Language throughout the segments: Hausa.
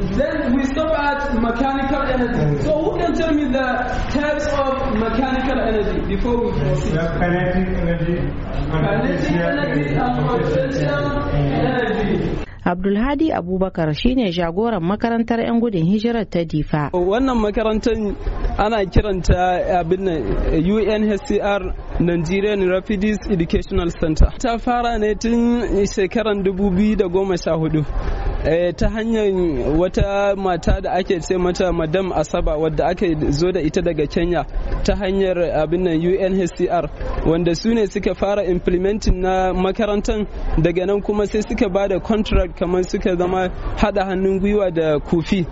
Then we stop at mechanical energy. Hmm. So who can tell me the types of mechanical energy before we proceed? kinetic energy, kinetic energy, and potential energy. Abdulhadi Abubakar shine jagoran makarantar 'yan gudun hijirar ta Difa. Wannan makarantar ana kiranta abin UNHCR Nigerian Refugees Educational Center. Ta fara ne tun shekarar 2014 Eh, ta hanyar wata mata da ake ce mata madam asaba wadda aka zo da ita daga kenya ta hanyar abin nan unhcr wanda su ne suka fara implementing na makarantar daga nan kuma sai suka ba da contract kamar suka zama hada hannun gwiwa da kufi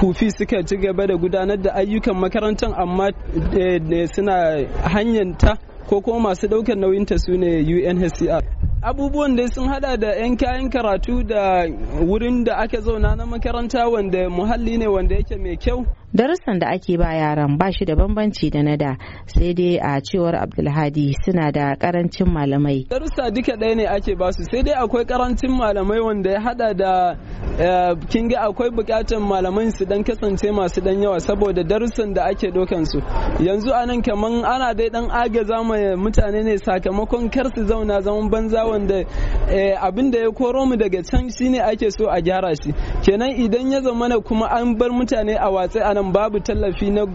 kufi suka ci gaba da gudanar da ayyukan makarantar amma eh, eh, suna hanyar ko kuma masu daukar nauyinta su ne unhcr abubuwan dai sun hada da 'yan kayan karatu da wurin da aka zauna na makaranta wanda muhalli ne wanda yake mai kyau darussan da ake ba yaran ba shi da bambanci da na da sai dai a cewar abdulhadi suna da karancin malamai darussa duka ɗaya ne ake ba su sai dai akwai karancin malamai wanda ya hada da eh, kin akwai bukatar malamai su dan kasance masu dan yawa saboda darussan da ake dokan su yanzu anan kaman ana dai dan agaza ma mutane ne sakamakon kar su zauna zaman banza wanda eh, abin da ya koro mu daga can shine ake so a gyara shi kenan idan ya zamana kuma an bar mutane a watsa anan wannan babu tallafi na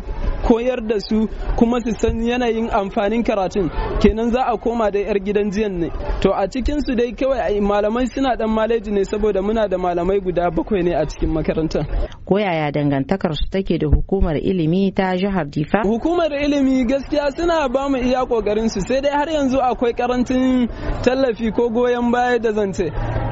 koyar da su kuma su san yanayin amfanin karatun kenan za a koma da yar gidan jiyan ne to a cikin su dai kawai malamai suna dan maleji ne saboda muna da malamai guda bakwai ne a cikin makarantar ko yaya dangantakar su take da hukumar ilimi ta jihar Difa hukumar ilimi gaskiya suna ba mu iya kokarin su sai dai har yanzu akwai karancin tallafi ko goyon baya da zance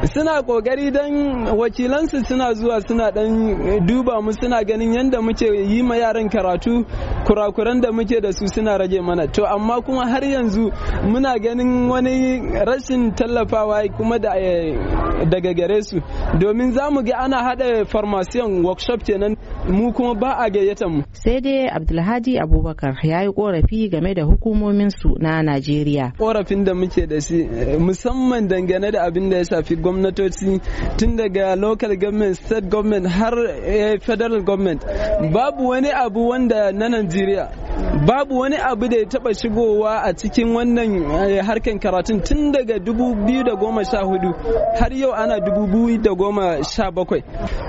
suna kokari don wakilansu suna zuwa suna dan eh, duba mu suna ganin yadda muke yi ma yaran karatu kurakuran da muke da su suna rage mana to amma kuma har yanzu muna ganin wani rashin tallafawa kuma da eh, daga gare su domin za mu ga ana haɗa farmasiyan workshop kenan mu kuma ba a gayyata mu sai dai abdulhadi abubakar ya yi korafi game da hukumomin su na najeriya korafin da muke da shi eh, musamman dangane da abin da ya shafi gwamnatoci tun daga local government state government har eh, federal government babu wani abu wanda na najeriya babu wani abu da ya taba shigowa a cikin wannan eh, harkan karatun tun daga 2014 har yau ana 2017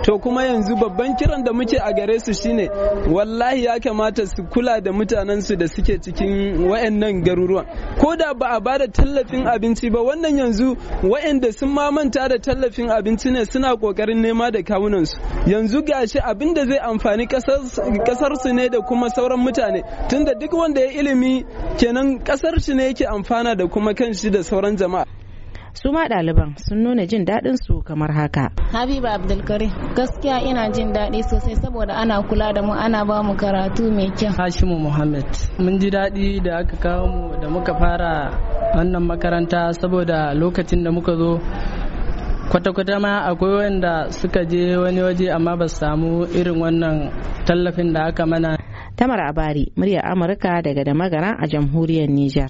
to kuma yanzu babban kiran da muke a gare su shine wallahi ya kamata su kula da mutanensu da suke cikin wayannan garuruwan ko da ba a bada tallafin abinci ba wannan yanzu wayanda sun mamanta da tallafin abinci ne suna kokarin nema da kawunansu yanzu gashi abin da zai amfani kasar su ne da kuma sauran mutane tunda duk wanda ya ilimi kenan kasar shi ne yake amfana da kuma kan shi da sauran jama'a Suma ɗaliban sun nuna jin daɗin su kamar haka. Habiba Abdulkarim gaskiya ina jin daɗi sosai saboda ana kula da mu ana ba mu karatu mai kyau. Hashimu Muhammad mun ji daɗi da aka kawo mu da muka fara wannan makaranta saboda lokacin da muka zo kwata-kwata ma akwai wanda suka je wani waje amma ba su samu irin wannan tallafin da aka mana. Tamar Abari, murya Amurka daga da magana a jamhuriyar Nijar.